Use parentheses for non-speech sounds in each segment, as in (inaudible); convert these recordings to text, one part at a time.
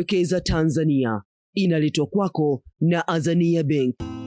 Wekeza Tanzania inaletwa kwako na Azania Bank.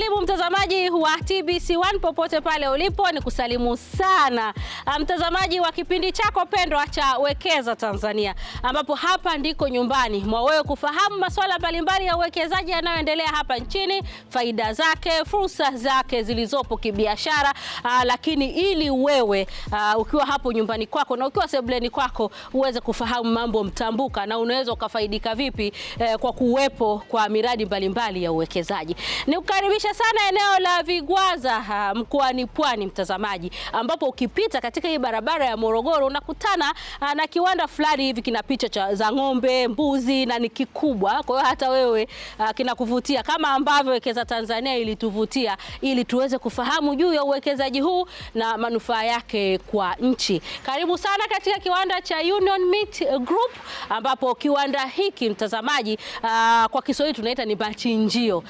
Karibu mtazamaji wa TBC1 popote pale ulipo, ni kusalimu sana ah, mtazamaji wa kipindi chako pendwa cha Wekeza Tanzania, ambapo hapa ndiko nyumbani mwa wewe kufahamu masuala mbalimbali ya uwekezaji yanayoendelea hapa nchini, faida zake, fursa zake zilizopo kibiashara, ah, lakini ili wewe aa, ah, ukiwa hapo nyumbani kwako na ukiwa sebleni kwako uweze kufahamu mambo mtambuka na unaweza ukafaidika vipi eh, kwa kuwepo kwa miradi mbalimbali ya uwekezaji. Nikukaribisha Tuelekee sana eneo la Vigwaza mkoani Pwani, mtazamaji, ambapo ukipita katika hii barabara ya Morogoro unakutana na kiwanda fulani hivi kina picha za ng'ombe, mbuzi na ni kikubwa. Kwa hiyo hata wewe kinakuvutia kama ambavyo Wekeza Tanzania ilituvutia ili tuweze kufahamu juu ya uwekezaji huu na manufaa yake kwa nchi. Karibu sana katika kiwanda cha Union Meat Group ambapo kiwanda hiki mtazamaji, kwa Kiswahili tunaita ni machinjio,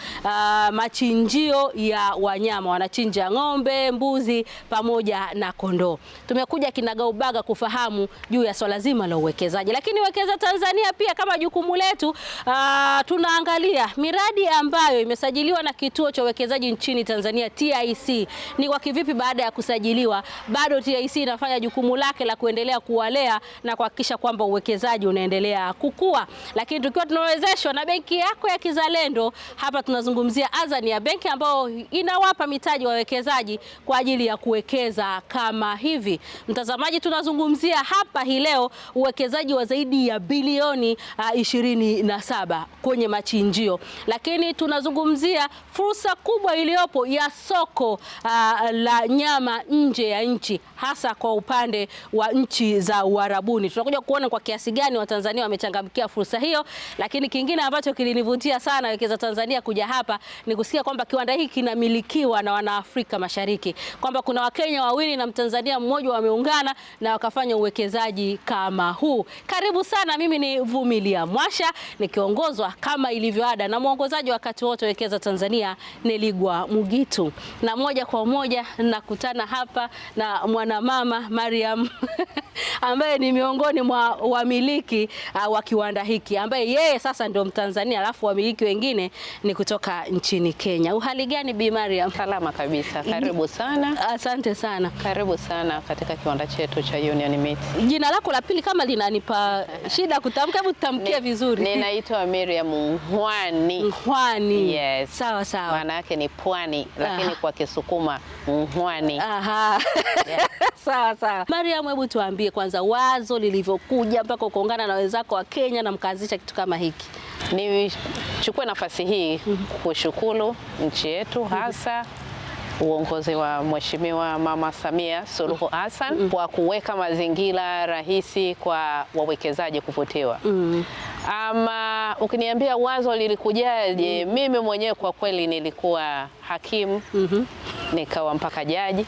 machinjio machinjio ya wanyama, wanachinja ng'ombe, mbuzi pamoja na kondoo. Tumekuja kinagaubaga kufahamu juu ya swala zima la uwekezaji, lakini wekeza Tanzania pia kama jukumu letu ah, tunaangalia miradi ambayo imesajiliwa na kituo cha uwekezaji nchini Tanzania TIC ni kwa kivipi baada ya kusajiliwa bado TIC inafanya jukumu lake la kuendelea kuwalea na kuhakikisha kwamba uwekezaji unaendelea kukua, lakini tukiwa tunawezeshwa na benki yako ya Kizalendo. Hapa tunazungumzia Azania benki ambayo inawapa mitaji wawekezaji kwa ajili ya kuwekeza kama hivi. Mtazamaji, tunazungumzia hapa hii leo uwekezaji wa zaidi ya bilioni ah, ishirini na saba kwenye machinjio, lakini tunazungumzia fursa kubwa iliyopo ya soko aa, ah, la nyama nje ya nchi hasa kwa upande wa nchi za Uarabuni. Tunakuja kuona kwa kiasi gani Watanzania wamechangamkia fursa hiyo, lakini kingine ambacho kilinivutia sana wekeza Tanzania kuja hapa ni kusikia kwamba kwamba kiwanda hiki kinamilikiwa na Wanaafrika Mashariki, kwamba kuna Wakenya wawili na Mtanzania mmoja wameungana na wakafanya uwekezaji kama huu. Karibu sana, mimi ni Vumilia Mwasha nikiongozwa kama ilivyoada na mwongozaji wakati wote Wekeza Tanzania Neligwa Mugitu, na moja kwa moja nakutana hapa na mwanamama Mariam (laughs) ambaye ni miongoni mwa wamiliki uh, wa kiwanda hiki ambaye yeye sasa ndio Mtanzania, alafu wamiliki wengine ni kutoka nchini Kenya. Kenya. Uhali gani Bi Mariam? Salama kabisa, mhm. karibu sana. Asante sana, karibu sana katika kiwanda chetu cha Union Meat. Jina lako la pili kama linanipa shida kutamka, hebu tutamkie vizuri. Ninaitwa Mariam Mwani. Mwani. Yes. Sawa sawa. Maana yake ni pwani, lakini kwa Kisukuma Mwani. Aha. Yes. (laughs) Sawa sawa. Mariam, hebu tuambie kwanza wazo lilivyokuja mpaka ukaungana na wenzako wa Kenya na mkaanzisha kitu kama hiki. Nichukue nafasi hii kushukuru nchi yetu hasa uongozi wa Mheshimiwa Mama Samia Suluhu Hassan mm -hmm. kwa kuweka mazingira rahisi kwa wawekezaji kuvutiwa mm -hmm. ama uh, ukiniambia wazo lilikujaje? mm -hmm. mimi mwenyewe kwa kweli nilikuwa hakimu mm -hmm. nikawa mpaka jaji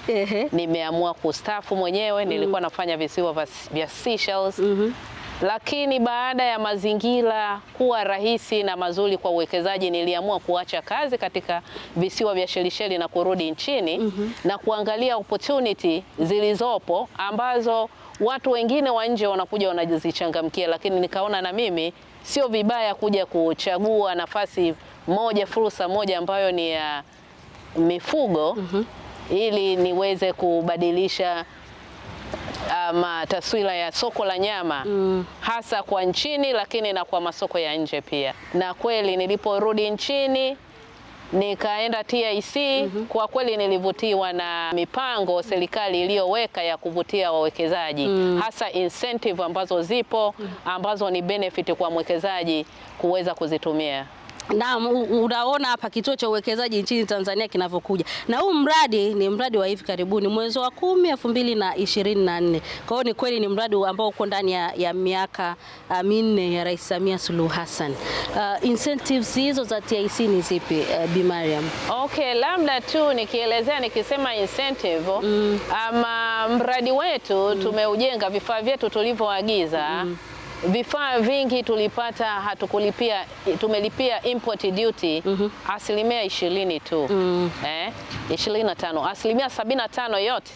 nimeamua kustafu mwenyewe nilikuwa mm. nafanya visiwa vya Seychelles mm -hmm. Lakini baada ya mazingira kuwa rahisi na mazuri kwa uwekezaji, niliamua kuacha kazi katika visiwa vya Shelisheli na kurudi nchini mm -hmm. na kuangalia opportunity zilizopo ambazo watu wengine wa nje wanakuja wanazichangamkia, lakini nikaona na mimi sio vibaya kuja kuchagua nafasi moja, fursa moja ambayo ni ya mifugo mm -hmm. ili niweze kubadilisha ama um, uh, taswira ya soko la nyama mm. hasa kwa nchini, lakini na kwa masoko ya nje pia. Na kweli niliporudi nchini nikaenda TIC mm -hmm. Kwa kweli nilivutiwa na mipango serikali iliyoweka ya kuvutia wawekezaji mm. hasa incentive ambazo zipo mm. ambazo ni benefit kwa mwekezaji kuweza kuzitumia na unaona hapa kituo cha uwekezaji nchini Tanzania kinavyokuja, na huu mradi ni mradi wa hivi karibuni mwezi wa kumi elfu mbili na ishirini na nne. Kwa hiyo ni kweli ni mradi ambao uko ndani ya, ya miaka ah, minne ya Rais Samia Suluhu Hassan. Uh, incentives hizo za TIC ni zipi uh, Bi Mariam? Okay, labda tu nikielezea nikisema incentive mm. ama mradi wetu mm. tumeujenga vifaa vyetu tulivyoagiza mm vifaa vingi tulipata hatukulipia, tumelipia import duty mm -hmm. asilimia ishirini tu mm. eh, ishirini na tano asilimia sabini na tano yote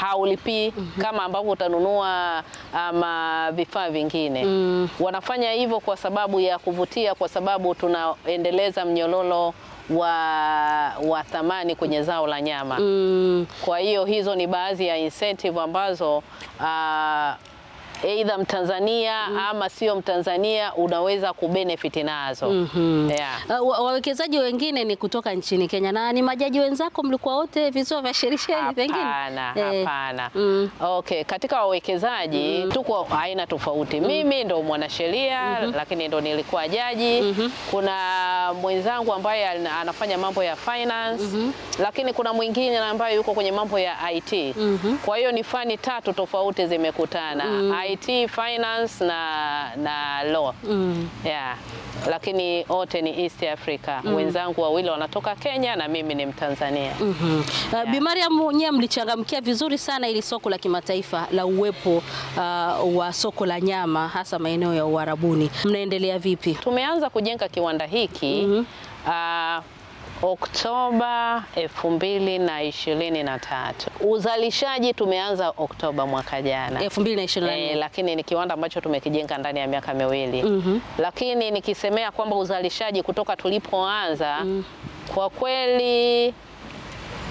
haulipii mm -hmm. kama ambavyo utanunua ama vifaa vingine mm. Wanafanya hivyo kwa sababu ya kuvutia, kwa sababu tunaendeleza mnyololo wa, wa thamani kwenye zao la nyama mm. Kwa hiyo hizo ni baadhi ya incentive ambazo uh, Aidha Mtanzania mm. ama sio Mtanzania unaweza kubenefit nazo mm -hmm. yeah. uh, wawekezaji wengine ni kutoka nchini Kenya na ni majaji wenzako, mlikuwa wote visiwa vya Seychelles pengine? Hapana, eh. hapana. mm. Okay, katika wawekezaji mm. tuko aina tofauti mm. mimi ndo mwanasheria mm -hmm. lakini ndo nilikuwa jaji mm -hmm. kuna mwenzangu ambaye anafanya mambo ya finance mm -hmm. lakini kuna mwingine ambaye yuko kwenye mambo ya IT mm -hmm. kwa hiyo ni fani tatu tofauti zimekutana mm -hmm. IT, finance na, na law mm. yeah. Lakini wote ni East Africa mm. Wenzangu wawili wanatoka Kenya na mimi ni Mtanzania mm -hmm. yeah. Bi Mariam, nyewe mlichangamkia vizuri sana ili soko la kimataifa la uwepo uh, wa soko la nyama hasa maeneo ya Uarabuni. Mnaendelea vipi? Tumeanza kujenga kiwanda hiki mm -hmm. uh, Oktoba na ishirini tatu. Uzalishaji tumeanza Oktoba mwaka jana 2024. E, eh, lakini ni kiwanda ambacho tumekijenga ndani ya miaka miwili mm -hmm. Lakini nikisemea kwamba uzalishaji kutoka tulipoanza mm. kwa kweli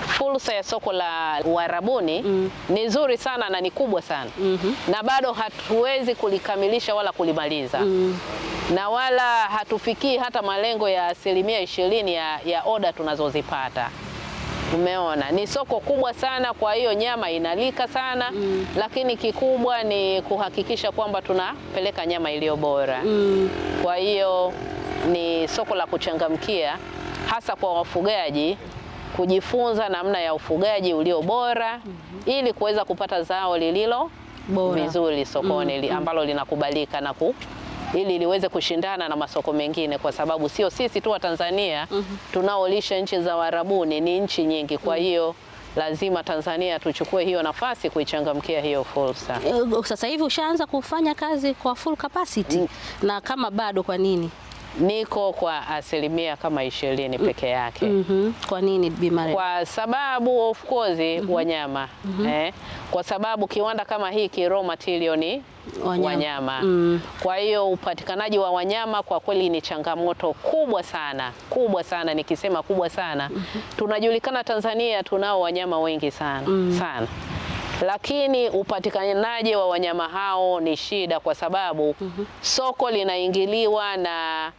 fursa ya soko la Uarabuni mm. ni nzuri sana na ni kubwa sana mm -hmm. na bado hatuwezi kulikamilisha wala kulimaliza mm na wala hatufikii hata malengo ya asilimia ishirini ya, ya oda tunazozipata. Umeona, ni soko kubwa sana, kwa hiyo nyama inalika sana mm. Lakini kikubwa ni kuhakikisha kwamba tunapeleka nyama iliyo bora mm. Kwa hiyo ni soko la kuchangamkia hasa kwa wafugaji kujifunza namna ya ufugaji ulio bora mm -hmm. ili kuweza kupata zao lililo bora, vizuri sokoni mm -hmm. ambalo linakubalika na ku ili liweze kushindana na masoko mengine, kwa sababu sio sisi tu wa Tanzania mm -hmm. tunaolisha nchi za Warabuni, ni nchi nyingi. Kwa mm. hiyo mm -hmm. Lazima Tanzania tuchukue hiyo nafasi kuichangamkia hiyo fursa. Eh, sasa hivi ushaanza kufanya kazi kwa full capacity mm. na kama bado, kwa nini niko kwa asilimia kama ishirini peke yake. mm -hmm. Kwa nini Bi Kwa sababu of course mm -hmm. wanyama mm -hmm. eh, kwa sababu kiwanda kama hiki raw material ni wanyama, wanyama. Mm. Kwa hiyo upatikanaji wa wanyama kwa kweli ni changamoto kubwa sana kubwa sana, nikisema kubwa sana mm -hmm. tunajulikana Tanzania tunao wanyama wengi sana mm. sana lakini upatikanaji wa wanyama hao ni shida, kwa sababu mm -hmm. soko linaingiliwa na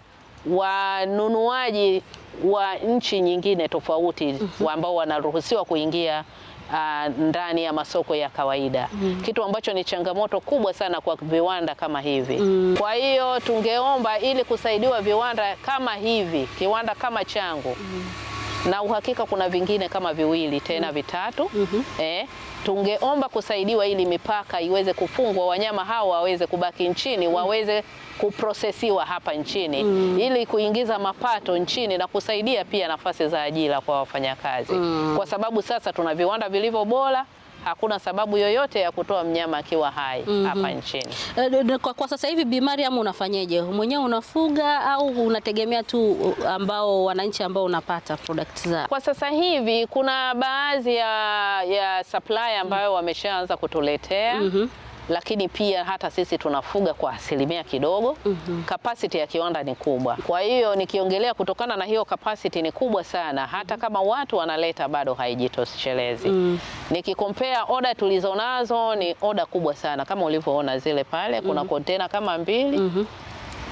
wanunuaji wa nchi nyingine tofauti mm -hmm. ambao wanaruhusiwa kuingia uh, ndani ya masoko ya kawaida mm -hmm. kitu ambacho ni changamoto kubwa sana kwa viwanda kama hivi mm -hmm. kwa hiyo tungeomba ili kusaidiwa viwanda kama hivi, kiwanda kama changu mm -hmm. na uhakika kuna vingine kama viwili tena mm -hmm. vitatu mm -hmm. eh, tungeomba kusaidiwa ili mipaka iweze kufungwa, wanyama hao waweze kubaki nchini, mhm. waweze kuprosesiwa hapa nchini mm. ili kuingiza mapato nchini na kusaidia pia nafasi za ajira kwa wafanyakazi mm. kwa sababu sasa tuna viwanda vilivyo bora hakuna sababu yoyote ya kutoa mnyama akiwa hai mm -hmm. hapa nchini. Eh, kwa, kwa sasa hivi Bi Mariam, unafanyeje mwenyewe, unafuga au unategemea tu uh, ambao wananchi ambao unapata product za? Kwa sasa hivi kuna baadhi ya, ya supply ambayo mm -hmm. wameshaanza kutuletea mm -hmm lakini pia hata sisi tunafuga kwa asilimia kidogo mm -hmm. Kapasiti ya kiwanda ni kubwa, kwa hiyo nikiongelea kutokana na hiyo kapasiti ni kubwa sana, hata mhm. kama watu wanaleta bado haijitoshelezi mm -hmm. Nikikompea oda tulizonazo ni oda kubwa sana, kama ulivyoona zile pale kuna mm -hmm. kontena kama mbili mm -hmm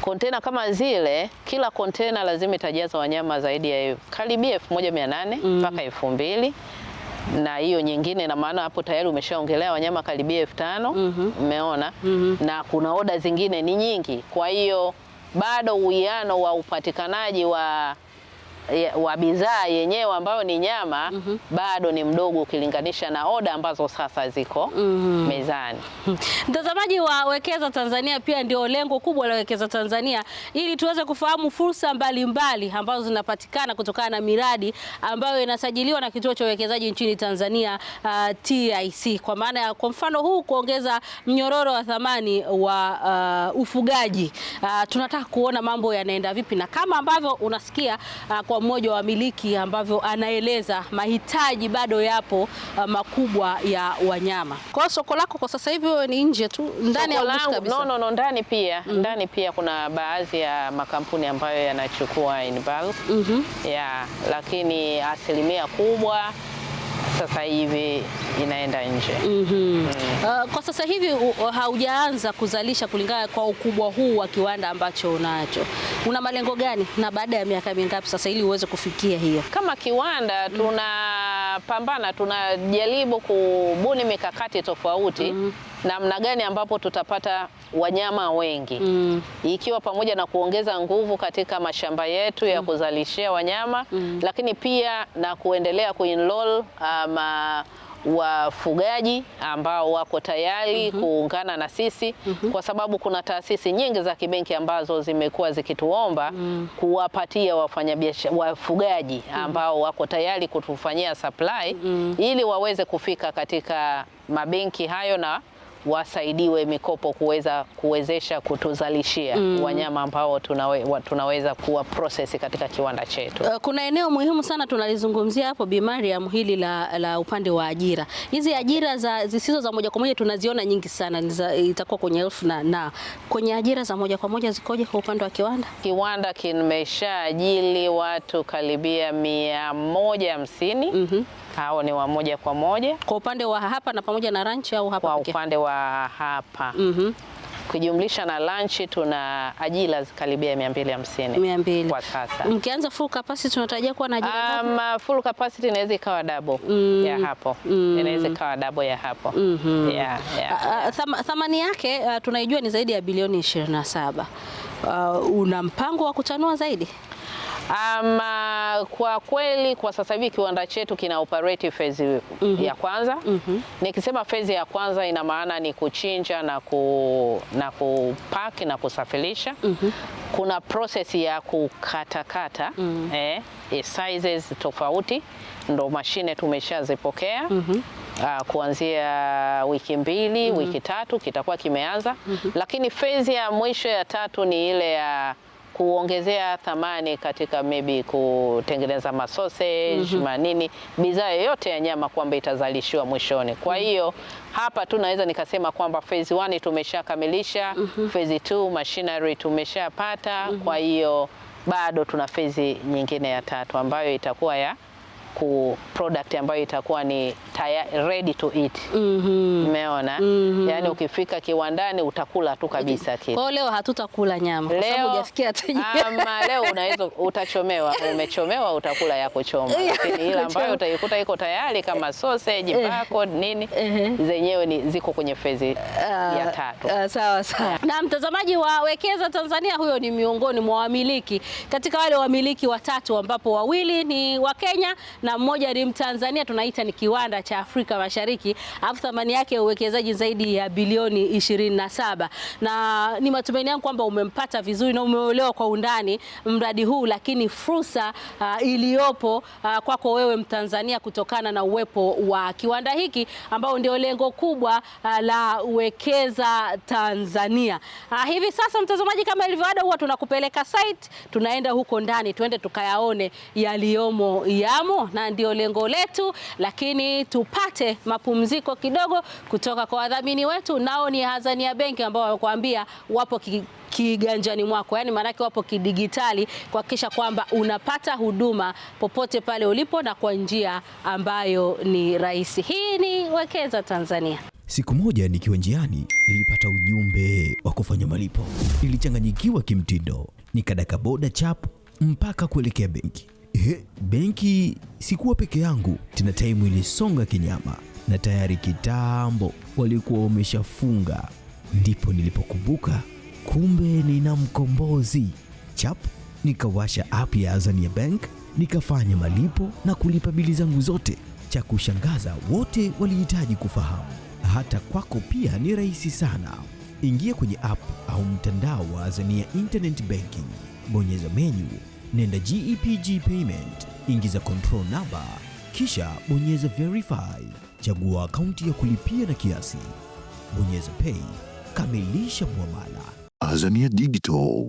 kontena kama zile, kila kontena lazima itajaza wanyama zaidi ya karibia 1800 mm. mpaka elfu mbili na hiyo nyingine, na maana hapo tayari umeshaongelea wanyama karibia elfu tano mhm. umeona. mm -hmm. na kuna oda zingine ni nyingi, kwa hiyo bado uwiano wa upatikanaji wa wa bidhaa yenyewe ambayo ni nyama mm -hmm. bado ni mdogo ukilinganisha na oda ambazo sasa ziko mm -hmm. mezani. Mhm. Mtazamaji wa Wekeza Tanzania, pia ndio lengo kubwa la Wekeza Tanzania, ili tuweze kufahamu fursa mbalimbali ambazo zinapatikana kutokana na miradi ambayo inasajiliwa na kituo cha uwekezaji nchini Tanzania uh, TIC, kwa maana ya kwa mfano huu kuongeza mnyororo wa thamani wa uh, ufugaji uh, tunataka kuona mambo yanaenda vipi na kama ambavyo unasikia uh, kwa mmoja wa wamiliki, ambavyo anaeleza mahitaji bado yapo uh, makubwa ya wanyama. Kwa hiyo soko lako kwa sasa hivi wewe ni nje tu ndani ya kabisa? No, no, no, ndani pia mm -hmm. Ndani pia kuna baadhi ya makampuni ambayo yanachukua in bulk mm -hmm. yeah, lakini asilimia kubwa sasa hivi inaenda nje. Mhm. mm -hmm. mm. Uh, kwa sasa hivi uh, haujaanza kuzalisha kulingana kwa ukubwa huu wa kiwanda ambacho unacho. Una malengo gani na baada ya miaka mingapi sasa ili uweze kufikia hiyo? Kama kiwanda tunapambana, tunajaribu kubuni mikakati tofauti mm. namna gani ambapo tutapata wanyama wengi mm. ikiwa pamoja na kuongeza nguvu katika mashamba yetu ya mm. kuzalishia wanyama mm. lakini pia na kuendelea kuinroll um, uh, wafugaji ambao wako tayari mm -hmm. kuungana na sisi mm -hmm. kwa sababu kuna taasisi nyingi za kibenki ambazo zimekuwa zikituomba mm -hmm. kuwapatia wafanyabiashara wafugaji mhm. ambao wako tayari kutufanyia supply mm -hmm. ili waweze kufika katika mabenki hayo na wasaidiwe mikopo kuweza kuwezesha kutuzalishia mm. wanyama ambao tunawe, tunaweza kuwa process katika kiwanda chetu. Uh, kuna eneo muhimu sana tunalizungumzia hapo Bi Mariam, hili la, la upande wa ajira. Hizi ajira za zisizo za moja kwa moja tunaziona nyingi sana, itakuwa kwenye elfu na, na kwenye ajira za moja kwa moja zikoje kwa upande wa kiwanda? Kiwanda kimeshaajili watu karibia mia moja hamsini mm -hmm. hao ni wa moja kwa moja kwa upande wa hapa na pamoja na ranchi au hapa kwa upande wa kwa hapa mm -hmm. Kujumlisha na lunch tuna ajira karibia 250. 200. Kwa sasa. Mkianza full capacity tunatarajia kuwa na ajira um, uh, full capacity inaweza ikawa double mm. ya hapo mm. inaweza ikawa double ya hapo mm -hmm. yeah, yeah. Uh, thamani yake uh, tunaijua ni zaidi ya bilioni 27. Uh, una mpango wa kutanua zaidi? Ama um, uh, kwa kweli kwa sasa hivi kiwanda chetu kina operate phase mm -hmm. ya kwanza mm -hmm. Nikisema phase ya kwanza ina maana ni kuchinja na ku na kupack na kusafirisha mm -hmm. Kuna process ya kukatakata mm -hmm. eh, eh, sizes tofauti ndo mashine tumeshazipokea mm -hmm. Uh, kuanzia wiki mbili mm -hmm. wiki tatu kitakuwa kimeanza mm -hmm. Lakini phase ya mwisho ya tatu ni ile ya kuongezea thamani katika maybe kutengeneza masoseji mhm. mm -hmm. manini bidhaa yoyote ya nyama kwamba itazalishiwa mwishoni. Kwa mhm. hiyo mm -hmm. hapa tu naweza nikasema kwamba phase 1 tumeshakamilisha mm -hmm. phase 2 machinery tumeshapata mm -hmm. kwa hiyo bado tuna phase nyingine ya tatu ambayo itakuwa ya ku product ambayo itakuwa ni tayari ready to eat. Mhm. Umeona? mm -hmm. Yaani ukifika kiwandani utakula tu kabisa kile. Kwa leo hatutakula nyama kwa sababu hujasikia tajiri. Ama leo unaweza utachomewa, umechomewa utakula yako choma. (laughs) Lakini ile ambayo utaikuta iko tayari kama sausage, eh. bako nini eh. zenyewe ni ziko kwenye fezi uh, ya ah, tatu. Uh, sawa sawa. Na mtazamaji wa Wekeza Tanzania, huyo ni miongoni mwa wamiliki katika wale wamiliki watatu ambapo wawili ni Wakenya na mmoja ni Mtanzania, tunaita ni kiwanda cha Afrika Mashariki, afu thamani yake ya uwekezaji zaidi ya bilioni 27, na ni matumaini yangu kwamba umempata vizuri na umeolewa kwa undani mradi huu, lakini fursa uh, iliyopo uh, kwako wewe Mtanzania kutokana na uwepo wa kiwanda hiki ambao ndio lengo kubwa uh, la wekeza Tanzania. Uh, hivi sasa mtazamaji, kama ilivyoada, huwa tunakupeleka site, tunaenda huko ndani, tuende tukayaone yaliyomo yamo na ndio lengo letu, lakini tupate mapumziko kidogo kutoka kwa wadhamini wetu, nao ni Azania Benki ambao wamekuambia wapo kiganjani mwako, yani maanake wapo kidigitali kuhakikisha kwamba unapata huduma popote pale ulipo na kwa njia ambayo ni rahisi. Hii ni Wekeza Tanzania. Siku moja nikiwa njiani nilipata ujumbe wa kufanya malipo. Nilichanganyikiwa kimtindo, nikadaka boda chap mpaka kuelekea benki. He, benki sikuwa peke yangu tena, taimu ilisonga kinyama na tayari kitambo walikuwa wameshafunga. Ndipo nilipokumbuka kumbe nina mkombozi chap. Nikawasha app ya Azania Bank nikafanya malipo na kulipa bili zangu zote. Cha kushangaza, wote walihitaji kufahamu, hata kwako pia ni rahisi sana. Ingia kwenye app au mtandao wa Azania Internet Banking, bonyeza menu nenda GEPG e Payment, ingiza control number, kisha bonyeza verify, chagua akaunti ya kulipia na kiasi, bonyeza pay, kamilisha muamala. Azania Digital,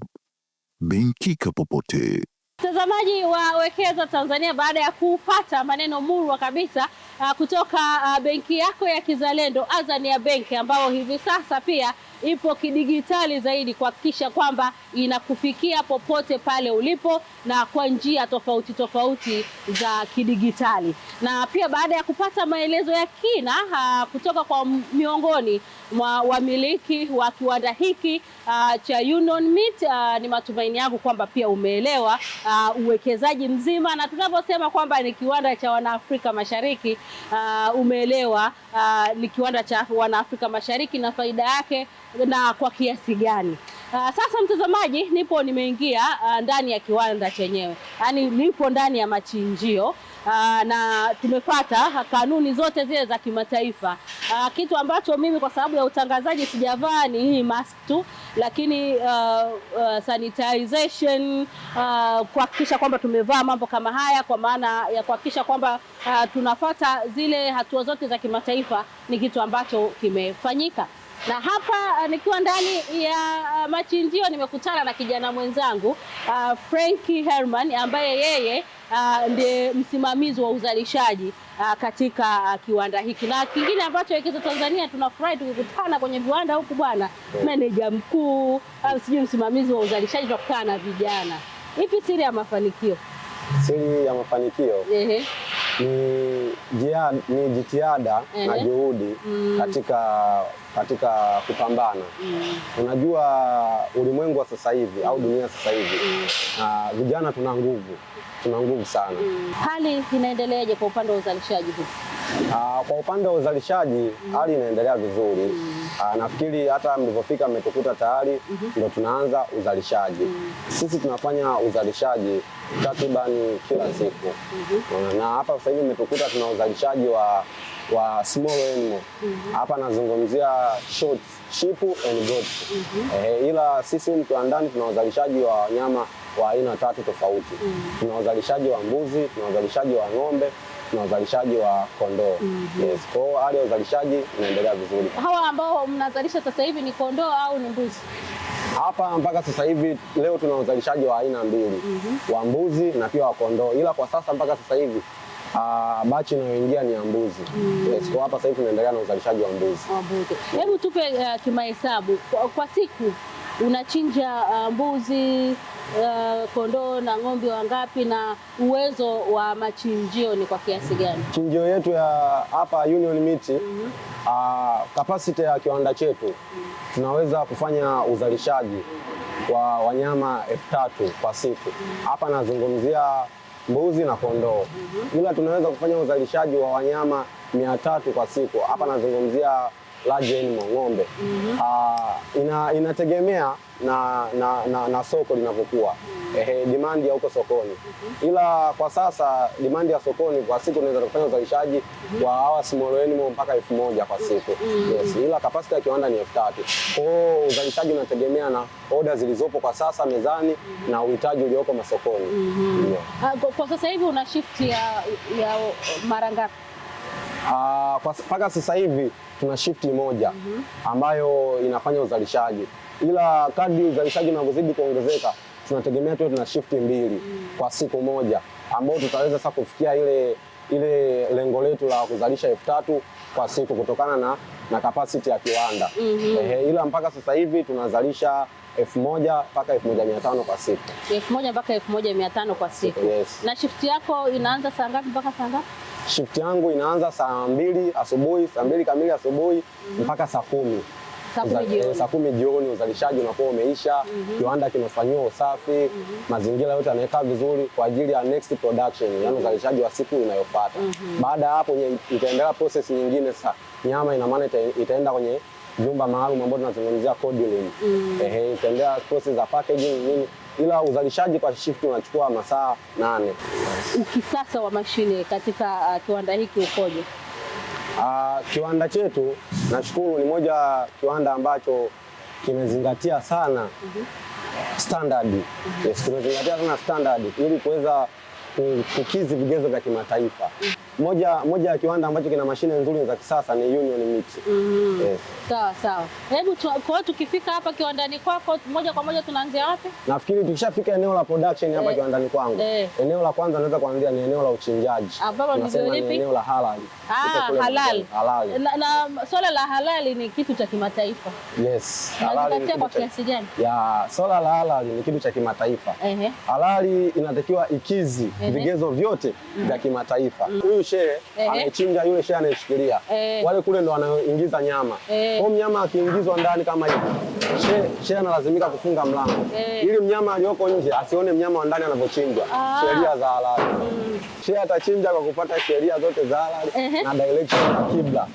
benki kapopote. popote. Mtazamaji wa Wekeza Tanzania, baada ya kupata maneno murwa kabisa uh, kutoka uh, benki yako ya kizalendo Azania Bank ambayo hivi sasa pia ipo kidigitali zaidi kuhakikisha kwamba inakufikia popote pale ulipo na kwa njia tofauti tofauti za kidigitali. Na pia baada ya kupata maelezo ya kina uh, kutoka kwa miongoni mwa wamiliki wa kiwanda hiki uh, cha Union Meat uh, ni matumaini yangu kwamba pia umeelewa uh, uh, uwekezaji mzima, na tunavyosema kwamba ni kiwanda cha wanaafrika Mashariki uh, umeelewa uh, ni kiwanda cha wanaafrika Mashariki na faida yake na kwa kiasi gani. Uh, sasa mtazamaji, nipo nimeingia uh, ndani ya kiwanda chenyewe, yaani nipo ndani ya machinjio uh, na tumefata kanuni zote zile za kimataifa uh, kitu ambacho mimi kwa sababu ya utangazaji sijavaa ni hii mask tu, lakini uh, uh, sanitization uh, kuhakikisha kwamba tumevaa mambo kama haya kwa maana ya kuhakikisha kwamba uh, tunafata zile hatua zote za kimataifa ni kitu ambacho kimefanyika. Na hapa uh, nikiwa ndani ya uh, machinjio nimekutana na kijana mwenzangu uh, Frankie Herman ambaye yeye uh, ndiye msimamizi wa uzalishaji uh, katika uh, kiwanda hiki, na kingine ambacho ikizo Tanzania tunafurahi tukikutana kwenye viwanda huku bwana, meneja mkuu uh, sijui msimamizi wa uzalishaji, tunakutana na vijana. Ipi siri ya mafanikio? Siri ya mafanikio Ehe. ni jitihada na juhudi mm. katika katika kupambana mm. Unajua ulimwengu wa sasa hivi mm. au dunia sasa hivi mm. na vijana tuna nguvu, tuna nguvu sana mm. Hali inaendeleaje kwa upande wa uzalishaji huu? Ah, kwa upande wa uzalishaji mm. hali inaendelea vizuri mm. Aa, ah, nafikiri hata mlivyofika mmetukuta tayari mm -hmm. ndo tunaanza uzalishaji mm. Sisi tunafanya uzalishaji takribani kila siku mm -hmm. na hapa sasa hivi mmetukuta tuna uzalishaji wa wa small animal mhm. hapa, mm -hmm. Nazungumzia short sheep and goat. mm -hmm. Eh, ila sisi humu ndani tuna uzalishaji wa wanyama wa aina tatu tofauti mm -hmm. Tuna uzalishaji wa mbuzi, tuna uzalishaji wa ng'ombe na uzalishaji wa kondoo. mm -hmm. Yes, kwa hiyo hali ya uzalishaji inaendelea vizuri. Hawa ambao mnazalisha sasa hivi ni kondoo au ni mbuzi? Hapa mpaka sasa hivi leo tuna uzalishaji wa aina mbili, mm -hmm. wa mbuzi na pia wa kondoo, ila kwa sasa mpaka sasa hivi Uh, ah, bachi inayoingia ni ya mbuzi mm. Yes, kwa hapa sasa hivi tunaendelea na uzalishaji wa mbuzi. Hebu tupe uh, kimahesabu kwa, kwa siku unachinja uh, mbuzi uh, kondoo na ng'ombe wangapi na uwezo wa machinjio ni kwa kiasi gani? Chinjio yetu ya hapa Union Meat mm -hmm. uh, capacity ya kiwanda chetu mm tunaweza kufanya uzalishaji wa wanyama elfu tatu kwa siku mm. hapa mm nazungumzia mbuzi na kondoo, mhm. ila tunaweza kufanya uzalishaji wa wanyama mia tatu kwa siku. Hapa nazungumzia large animal ng'ombe. mm -hmm. uh, Ina, inategemea na, na, na, na soko linavyokuwa -hmm. demand ya huko sokoni. mm -hmm. Ila kwa sasa demand ya sokoni kwa siku unaweza kufanya uzalishaji mm -hmm. wa small animal mpaka elfu moja kwa siku. mm -hmm. Yes, ila capacity ya kiwanda ni elfu tatu. Kwa hiyo uzalishaji unategemea na oda zilizopo kwa sasa mezani mm -hmm. na uhitaji ulioko masokoni. mm -hmm. yeah. Kwa, kwa sasa hivi una shift ya, ya mara ngapi? Ah, mpaka sasa hivi tuna shifti moja mhm. ambayo inafanya uzalishaji, ila kadri uzalishaji unavyozidi kuongezeka tunategemea tuwe tuna shifti mbili mhm. kwa siku moja ambayo tutaweza sasa kufikia ile ile lengo letu la kuzalisha elfu tatu kwa siku kutokana na, na kapasiti ya kiwanda mm -hmm. Ehe, ila mpaka sasa hivi tunazalisha elfu moja mpaka elfu moja mia tano kwa siku, elfu moja mpaka elfu moja mia tano kwa siku yes. Na shifti yako inaanza saa ngapi mpaka saa ngapi? shift yangu inaanza saa mbili asubuhi, saa mbili kamili asubuhi mm mpaka saa kumi saa kumi jioni, uzalishaji unakuwa umeisha. mm -hmm. Kiwanda kinafanyiwa usafi. mm -hmm. Mazingira yote yanawekaa vizuri kwa ajili ya next production, mm -hmm. yani mm-hmm. uzalishaji wa siku inayofuata. mm -hmm. Baada ya hapo itaendelea process nyingine. Sasa nyama ina maana itaenda kwenye vyumba maalum ambayo tunazungumzia cold room. mm -hmm. Ehe, itaendelea process za packaging nini ila uzalishaji kwa shift unachukua masaa nane. Ukisasa wa mashine katika uh, kiwanda hiki ukoje? Uh, kiwanda chetu nashukuru ni moja kiwanda ambacho kimezingatia sana mm -hmm. standard mm -hmm. yes, kimezingatia sana standard ili kuweza kukizi vigezo vya kimataifa. Mm. Moja moja ya kiwanda ambacho kina mashine nzuri za kisasa ni Union Meat. Mm. Mm-hmm. Yes. Sawa sawa. Hebu kwa tukifika hapa kiwandani kwako moja kwa moja tunaanzia wapi? Nafikiri tukishafika eneo la production hapa eh, kiwandani kwangu. Eh. Eneo la kwanza naweza kuanzia ni eneo la uchinjaji. Ambapo ah, ni eneo la halal. Ah, halal. Halal. Na, na swala la halal ni kitu cha kimataifa. Yes. Halal ni kwa kiasi gani? Ya, swala la halal ni kitu cha kimataifa. Ehe. Halal inatakiwa ikizi eh vigezo vyote vya mm. kimataifa. Mm. Huyu shehe anayechinja, yule shehe anayeshikilia, wale kule ndo wanaingiza nyama. Kwa mnyama akiingizwa ndani kama hivi, shehe analazimika kufunga mlango ili mnyama aliyoko nje asione mnyama wa ndani anavyochinjwa. Ah. Sheria za halali, mm. shehe atachinja kwa kupata sheria zote za halali na direction ya kibla.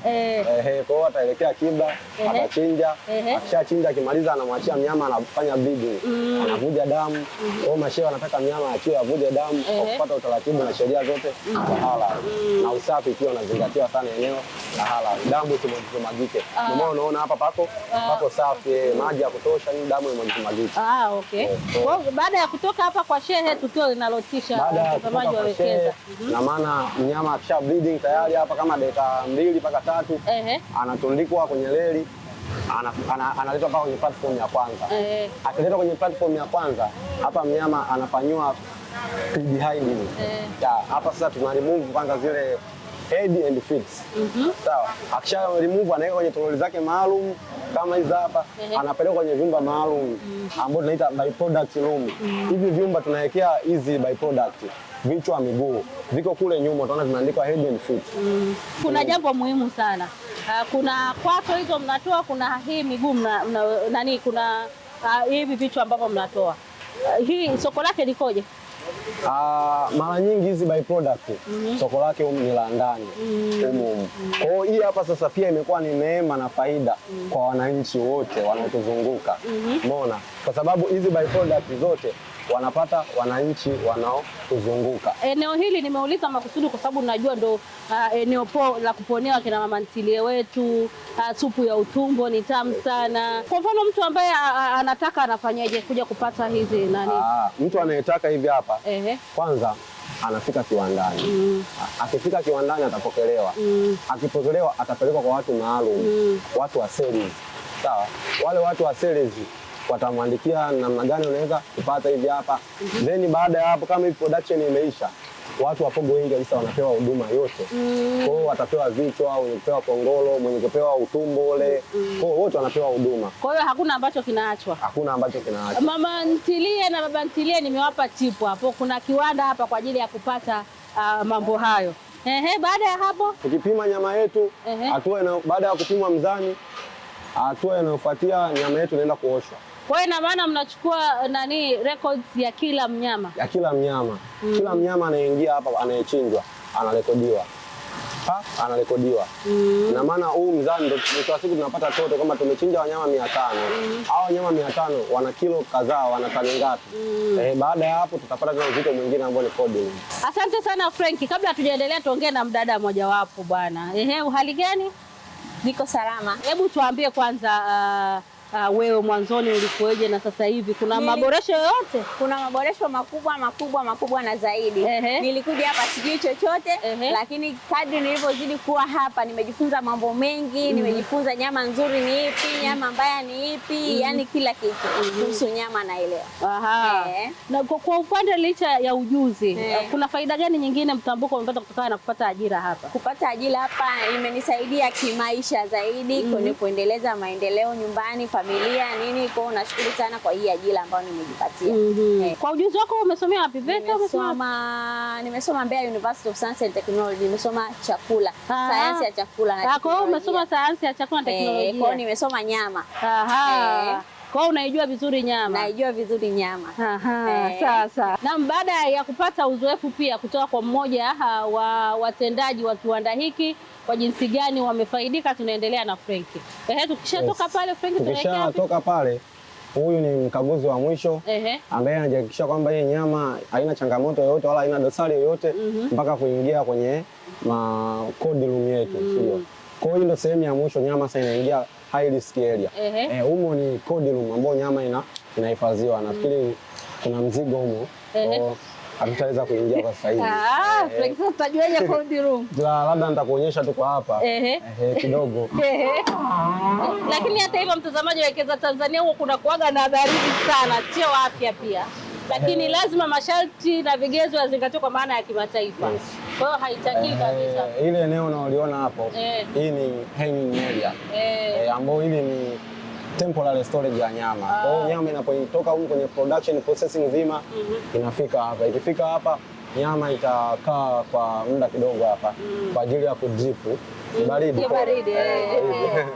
Kwa hiyo ataelekea kibla, atachinja. Akishachinja akimaliza, anamwachia mnyama, anafanya bidding, anavuja damu. Kwa hiyo mashehe wanataka mnyama akiwa avuja damu kufuata utaratibu na sheria zote za halali na usafi pia unazingatiwa sana eneo la halali, damu isimwagike. Ah. Ndio maana unaona hapa pako ah. pako safi, eh, maji ya kutosha, ni damu isimwagike. Ah, okay. Eh, kwa hiyo Baada ya kutoka hapa kwa shehe, tukio linalotisha watazamaji wawekeza na maana mnyama akisha bleeding tayari hapa kama dakika mbili mpaka tatu anatundikwa kwenye leli analetwa mpaka kwenye platform ya kwanza. Akiletwa kwenye platform ya kwanza hapa mnyama anafanyiwa tujihaidi eh. hapa sasa, tuna remove kwanza zile head and feet. Mhm. Sawa, akisha remove anaweka kwenye toroli zake maalum kama hizo hapa, eh. anapeleka kwenye vyumba maalum mhm. ambapo tunaita byproduct room. Mhm. Hivi vyumba tunawekea hizi byproduct vichwa miguu viko kule nyuma, utaona vimeandikwa head and feet. Mm. Kuna mm. jambo muhimu sana uh, kuna kwato hizo mnatoa, kuna hii miguu mna, mna, nani kuna uh, hivi vichwa ambavyo mnatoa uh, hii soko lake likoje? Uh, mara nyingi hizi product mm -hmm. soko lake huko ni la ndani mhm. humu mm -hmm. kwa hiyo hii hapa sasa pia imekuwa ni neema na faida mm -hmm. kwa wananchi wote wanaotuzunguka, mhm. umeona mm -hmm. kwa sababu hizi product zote wanapata wananchi wanaokuzunguka. Eneo hili nimeuliza makusudi kwa sababu najua ndo uh, eneo po la kuponea wakina mama ntilie wetu. Uh, supu ya utumbo ni tamu sana. Kwa mfano mtu ambaye uh, uh, anataka anafanyaje kuja kupata hizi nani? Uh, mtu anayetaka hivi hapa ehe, kwanza anafika kiwandani mm. Akifika kiwandani atapokelewa mm. Akipokelewa atapelekwa kwa watu maalum mm. Watu wa sales. Sawa, wale watu wa sales watamwandikia namna gani unaweza kupata hivi hapa mm -hmm. Then baada ya hapo kama hii production imeisha, watu wapogo wengi kabisa wanapewa huduma yote mm -hmm. Kwao watapewa vichwa, wenye kupewa kongolo, mwenye kupewa utumbo ule mm -hmm. Kwao wote wanapewa huduma. Kwa hiyo hakuna ambacho kinaachwa, hakuna ambacho kinaachwa. Mama ntilie na baba ntilie, nimewapa tipu hapo. Kuna kiwanda hapa kwa ajili ya kupata uh, mambo hayo. Ehe, baada ya hapo tukipima nyama yetu, hatua baada ya kupimwa mzani, hatua inayofuatia nyama yetu inaenda kuoshwa. Kwa hiyo ina maana mnachukua nani records ya kila mnyama ya kila mnyama mm. Kila mnyama anayeingia hapa anayechinjwa anarekodiwa anarekodiwa mm. ina maana Huu mzani ndio mwisho siku tunapata toto kama tumechinja wanyama 500. mm. Hao wanyama mia tano wana kilo kadhaa, wana tani ngapi? mm. Eh, baada ya hapo tutapata tena uzito mwingine ambao ni kodi. Asante sana Frank. kabla hatujaendelea tuongee na mdada mojawapo bwana. Ehe, uhali gani? Niko salama. Hebu tuambie kwanza uh, uh, wewe mwanzoni ulikuweje na sasa hivi kuna Nili... maboresho yoyote? Kuna maboresho makubwa makubwa makubwa na zaidi. Ehe. Nilikuja hapa sijui chochote, lakini kadri nilivyozidi kuwa hapa nimejifunza mambo mengi mm. Nimejifunza nyama nzuri ni ipi mhm. Nyama mbaya ni ipi mm. Yani kila kitu mhm. kuhusu mm. nyama naelewa. Aha. Na kwa upande licha ya ujuzi Ehe. Eh, kuna faida gani nyingine mtambuko umepata kutokana na kupata ajira hapa? Kupata ajira hapa imenisaidia kimaisha zaidi mm. Kwenye kuendeleza maendeleo nyumbani familia nini, kwao nashukuru sana kwa hii ajira ambayo nimejipatia. mm -hmm. Eh. Kwa ujuzi wako umesomea wapi VETA? Umesoma, nimesoma Mbeya University of Science and Technology, nimesoma chakula, sayansi ya chakula na teknolojia. Ah, kwa hiyo umesoma sayansi ya chakula na eh, teknolojia. Kwa hiyo nimesoma nyama. Aha. Eh. Kwa hiyo unaijua vizuri nyama? Naijua vizuri nyama. Hey. Eh. Sasa na baada ya kupata uzoefu pia kutoka kwa mmoja wa watendaji wa kiwanda hiki kwa jinsi gani wamefaidika, tunaendelea na Frank. Ehe, tukishatoka yes. pale Frenki tukishatoka pale huyu ni mkaguzi wa mwisho ambaye anahakikisha kwamba hii nyama haina changamoto yoyote wala haina dosari yoyote mhm. mpaka mm -hmm. kuingia kwenye ma cold room yetu mm -hmm. Kwa hiyo ndio sehemu ya mwisho nyama sasa inaingia high risk area. Eh, humo ni cold room ambapo nyama ina inahifadhiwa. Nafikiri kuna mzigo humo. -huh. hatutaweza kuingia kwa sasa hivi. (laughs) Ah, ya cold room? (laughs) La, labda nitakuonyesha tu kwa hapa. Eh, kidogo. (laughs) Lakini hata hivyo, mtazamaji, Wekeza Tanzania huko kuna kuaga na baridi sana, sio afya pia lakini eh. lazima masharti na vigezo yazingatiwe kwa maana ya kimataifa. Yes. Kwa hiyo haitaki eh, kabisa eh, ile eneo unaoliona hapo eh, hii ni hanging area eh, eh, ambayo hili ni temporary storage ya nyama. Kwa hiyo ah. nyama inapotoka huko kwenye production processing nzima mm -hmm. inafika hapa, ikifika hapa nyama itakaa kwa muda kidogo hapa mm. kwa ajili ya kudripu mm. baridi baridi, eh,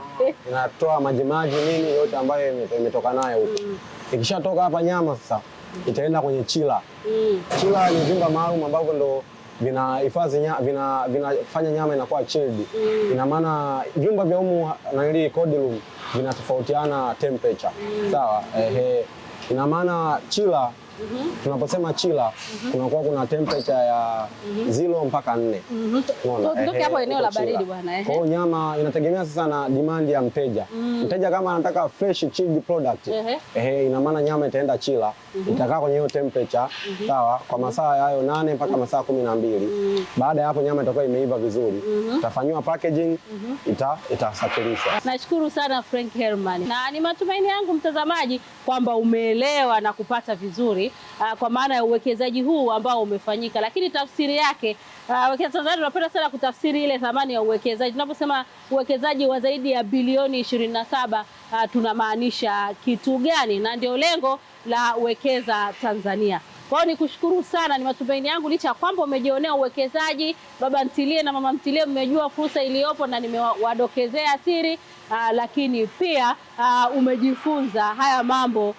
inatoa majimaji nini yote ambayo imetoka nayo huko mm. ikishatoka hapa nyama sasa itaenda kwenye chila. Mm. Chila ni vyumba maalum ambavyo ndo vinahifadhi vina, vinafanya nyama inakuwa chilled. Mm. Ina maana vyumba vya humu na ile cold room vinatofautiana temperature. Mm. Sawa. Mm. Ehe. Ina maana chila -hmm. Tunaposema chila mm -hmm. kunakuwa kuna temperature ya mm -hmm. zero mpaka nne. mm -hmm. hapo eneo la baridi bwana. Kwa hiyo nyama inategemea sasa na demand ya mteja mm -hmm. mteja kama anataka fresh chilled product mm -hmm. ina maana nyama itaenda chila mm -hmm. itakaa kwenye hiyo temperature mm -hmm. sawa kwa masaa hayo nane mpaka mm -hmm. masaa kumi na mbili mm -hmm. baada ya hapo nyama itakuwa imeiva vizuri mm -hmm. itafanyiwa packaging mm -hmm. ita itasafirishwa. Nashukuru sana Frank Herman, na ni matumaini yangu mtazamaji kwamba umeelewa na kupata vizuri vizuri uh, eh, kwa maana ya uwekezaji huu ambao umefanyika, lakini tafsiri yake Tanzania eh, uh, tunapenda sana kutafsiri ile thamani ya uwekezaji. Tunaposema uwekezaji wa zaidi ya bilioni ishirini na saba uh, tunamaanisha kitu gani? Na ndio lengo la Wekeza Tanzania. Kwa hiyo nikushukuru sana, ni matumaini yangu licha ya kwamba umejionea uwekezaji, baba ntilie na mama ntilie, mmejua fursa iliyopo na nimewadokezea siri uh, lakini pia uh, umejifunza haya mambo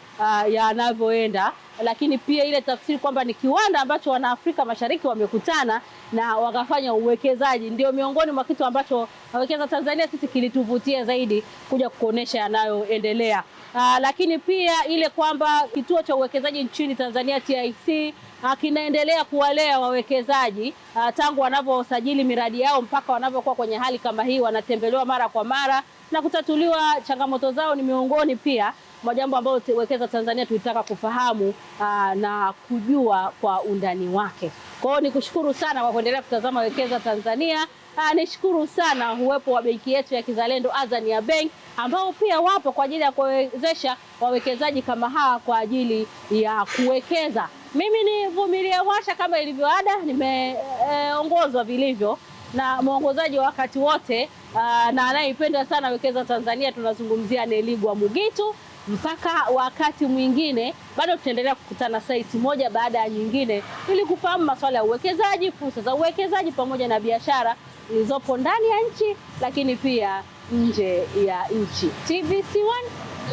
yanavyoenda lakini pia ile tafsiri kwamba ni kiwanda ambacho Wanaafrika Mashariki wamekutana na wakafanya uwekezaji, ndio miongoni mwa kitu ambacho wawekeza Tanzania sisi kilituvutia zaidi kuja kuonesha yanayoendelea. Aa, ah, lakini pia ile kwamba kituo cha uwekezaji nchini Tanzania TIC ah, kinaendelea kuwalea wawekezaji ah, tangu wanavyosajili miradi yao mpaka wanavyokuwa kwenye hali kama hii, wanatembelewa mara kwa mara na kutatuliwa changamoto zao, ni miongoni pia majambo ambayo Wekeza Tanzania tulitaka kufahamu aa, ah, na kujua kwa undani wake. Kwa hiyo nikushukuru sana kwa kuendelea kutazama Wekeza Tanzania. Aa, ah, nishukuru sana uwepo wa benki yetu ya kizalendo Azania Bank ambao pia wapo kwa ajili ya kuwezesha wawekezaji kama hawa kwa ajili ya kuwekeza. Mimi ni Vumilia Mwasha, kama ilivyo ada, nimeongozwa e, vilivyo na mwongozaji wa wakati wote, ah, na anayeipenda sana Wekeza Tanzania, tunazungumzia Neligwa Mugitu mpaka wakati mwingine bado tutaendelea kukutana saiti moja baada ya nyingine, ili kufahamu masuala ya uwekezaji, fursa za uwekezaji pamoja na biashara zilizopo ndani ya nchi, lakini pia nje ya nchi. TBC1,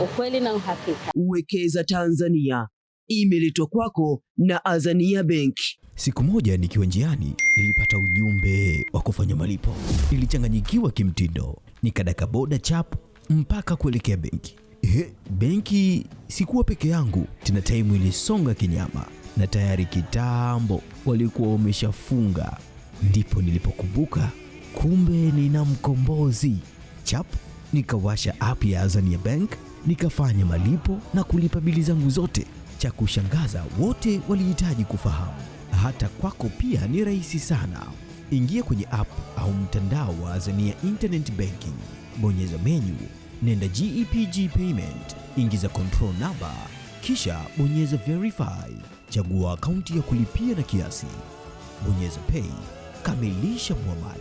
ukweli na uhakika. Uwekeza Tanzania imeletwa kwako na Azania Bank. Siku moja nikiwa njiani nilipata ujumbe wa kufanya malipo. ilichanganyikiwa kimtindo, nikadaka boda chap mpaka kuelekea benki. He, benki sikuwa peke yangu tena, taimu ilisonga kinyama na tayari kitambo walikuwa wameshafunga. Ndipo nilipokumbuka kumbe nina mkombozi chap. Nikawasha app ya Azania Bank nikafanya malipo na kulipa bili zangu zote. Cha kushangaza, wote walihitaji kufahamu, hata kwako pia ni rahisi sana. Ingia kwenye app au mtandao wa Azania Internet Banking, bonyeza menyu nenda GEPG e Payment, ingiza control number, kisha bonyeza verify, chagua akaunti ya kulipia na kiasi, bonyeza pay, kamilisha muamala.